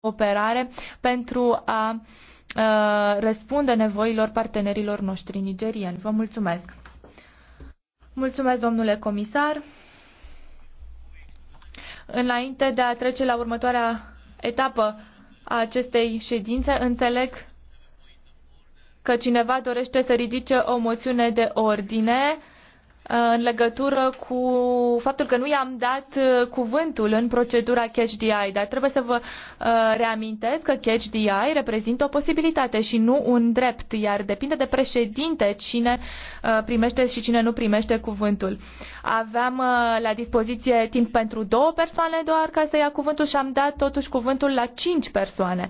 cooperare pentru a răspunde nevoilor partenerilor noștri nigerieni. Vă mulțumesc! Mulțumesc, domnule comisar! Înainte de a trece la următoarea etapă a acestei ședințe, înțeleg că cineva dorește să ridice o moțiune de ordine în legătură cu faptul că nu i-am dat uh, cuvântul în procedura Catch DI, dar trebuie să vă uh, reamintesc că Catch DI reprezintă o posibilitate și nu un drept, iar depinde de președinte cine uh, primește și cine nu primește cuvântul. Aveam la dispoziție timp pentru două persoane doar ca să ia cuvântul și am dat totuși cuvântul la cinci persoane.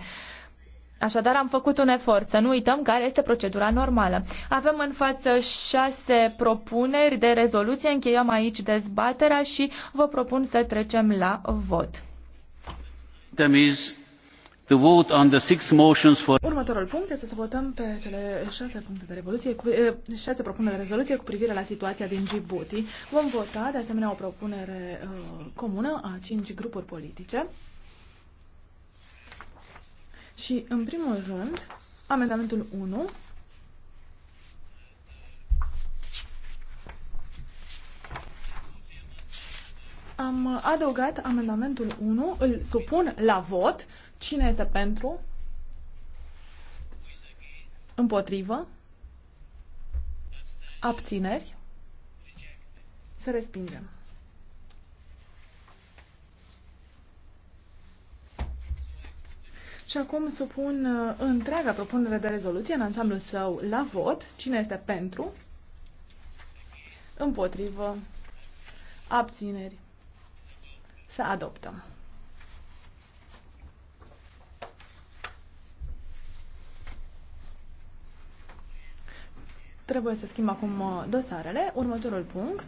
Așadar, am făcut un efort să nu uităm care este procedura normală. Avem în față șase propuneri de rezoluție, încheiem aici dezbaterea și vă propun să trecem la vot. Următorul punct este să votăm pe cele șase puncte de revoluție, cu, eh, șase propuneri de rezoluție cu privire la situația din Djibouti. Vom vota de asemenea o propunere uh, comună a cinci grupuri politice. Și, în primul rând, amendamentul 1. Am adăugat amendamentul 1, îl supun la vot. Cine este pentru? Împotrivă? Abțineri? Să respingem. Și acum supun uh, întreaga propunere de rezoluție în ansamblul său la vot. Cine este pentru? Împotrivă? Abțineri? Să adoptăm. Trebuie să schimb acum uh, dosarele. Următorul punct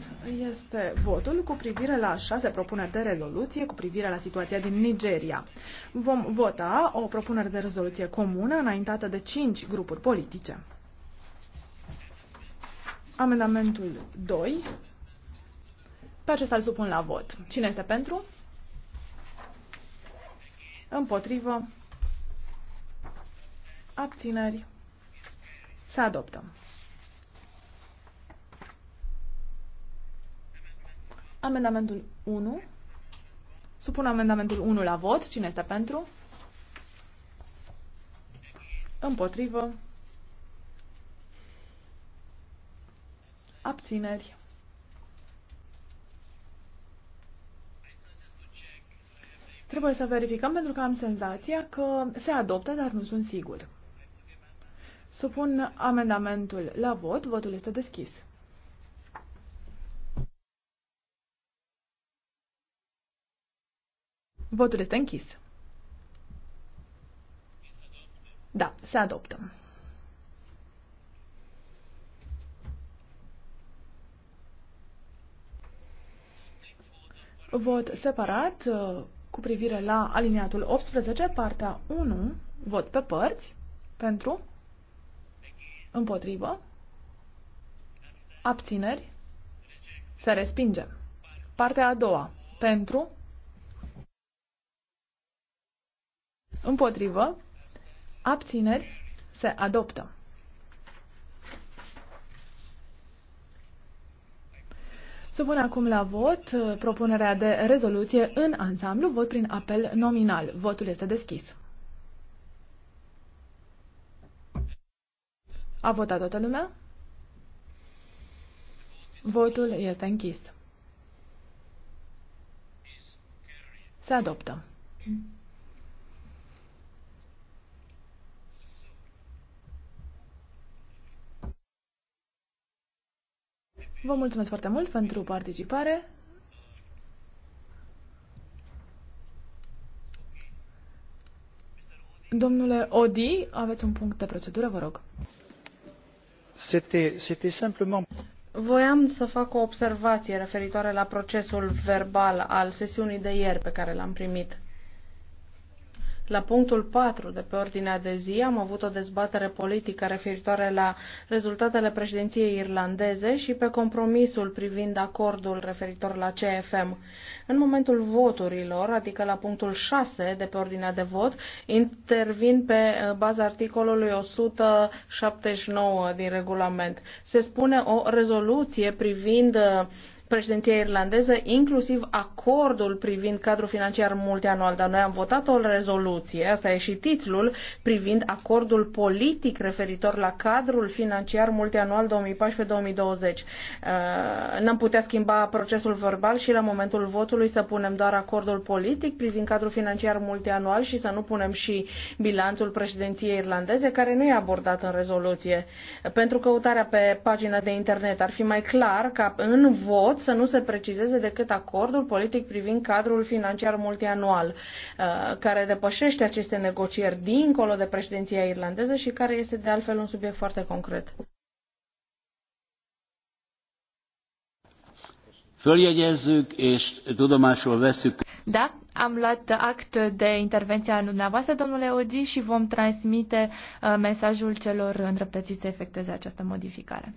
este votul cu privire la șase propuneri de rezoluție cu privire la situația din Nigeria. Vom vota o propunere de rezoluție comună înaintată de cinci grupuri politice. Amendamentul 2. Pe acesta îl supun la vot. Cine este pentru? Împotrivă. Abțineri. Să adoptăm. Amendamentul 1. Supun amendamentul 1 la vot. Cine este pentru? Împotrivă. Abțineri. Trebuie să verificăm pentru că am senzația că se adoptă, dar nu sunt sigur. Supun amendamentul la vot. Votul este deschis. Votul este închis. Da, se adoptă. Vot separat uh, cu privire la aliniatul 18, partea 1, vot pe părți, pentru, împotrivă, abțineri, se respinge. Partea a doua, pentru, Împotrivă. Abțineri. Se adoptă. Supun acum la vot uh, propunerea de rezoluție în ansamblu, vot prin apel nominal. Votul este deschis. A votat toată lumea? Votul este închis. Se adoptă. Vă mulțumesc foarte mult pentru participare. Domnule Odi, aveți un punct de procedură, vă rog. C'était simplement... Voiam să fac o observație referitoare la procesul verbal al sesiunii de ieri pe care l-am primit. La punctul 4 de pe ordinea de zi am avut o dezbatere politică referitoare la rezultatele președinției irlandeze și pe compromisul privind acordul referitor la CFM. În momentul voturilor, adică la punctul 6 de pe ordinea de vot, intervin pe eh, baza articolului 179 din regulament. Se spune o rezoluție privind eh, președinția irlandeză, inclusiv acordul privind cadrul financiar multianual, dar noi am votat o rezoluție, asta e și titlul, privind acordul politic referitor la cadrul financiar multianual 2014-2020. Uh, n-am putea schimba procesul verbal și la momentul votului să punem doar acordul politic privind cadrul financiar multianual și să nu punem și bilanțul președinției irlandeze, care nu e abordat în rezoluție. Pentru căutarea pe pagina de internet ar fi mai clar ca în vot să nu se precizeze decât acordul politic privind cadrul financiar multianual, uh, care depășește aceste negocieri dincolo de președinția irlandeză și care este de altfel un subiect foarte concret. Da, am luat act de intervenția dumneavoastră, domnule Odi, și vom transmite uh, mesajul celor îndreptățiți să efectueze această modificare.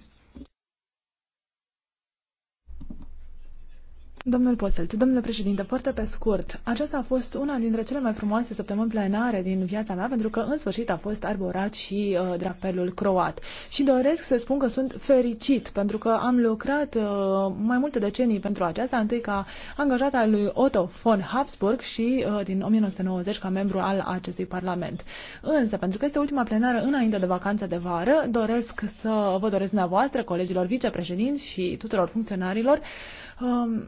Domnul Poselt, domnule președinte, foarte pe scurt, aceasta a fost una dintre cele mai frumoase săptămâni plenare din viața mea, pentru că în sfârșit a fost arborat și uh, drapelul croat. Și doresc să spun că sunt fericit, pentru că am lucrat uh, mai multe decenii pentru aceasta, întâi ca angajat al lui Otto von Habsburg și uh, din 1990 ca membru al acestui parlament. Însă, pentru că este ultima plenară înainte de vacanța de vară, doresc să vă doresc dumneavoastră, colegilor vicepreședinți și tuturor funcționarilor, uh,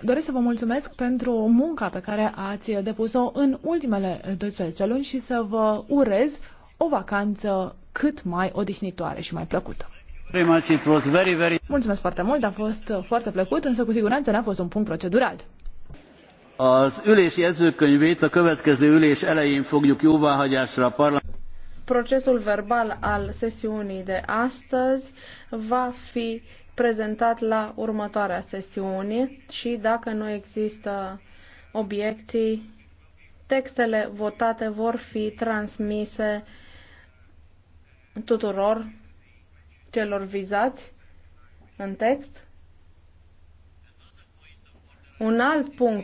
Doresc să vă mulțumesc pentru munca pe care ați depus-o în ultimele 12 luni și să vă urez o vacanță cât mai odihnitoare și mai plăcută. Mulțumesc foarte mult, a fost foarte plăcut, însă cu siguranță n-a fost un punct procedural. Az ülés jegyzőkönyvét a következő ülés elején fogjuk jóváhagyásra a parlament. Procesul verbal al sesiunii de astăzi va fi prezentat la următoarea sesiune și dacă nu există obiecții, textele votate vor fi transmise tuturor celor vizați în text. Un alt punct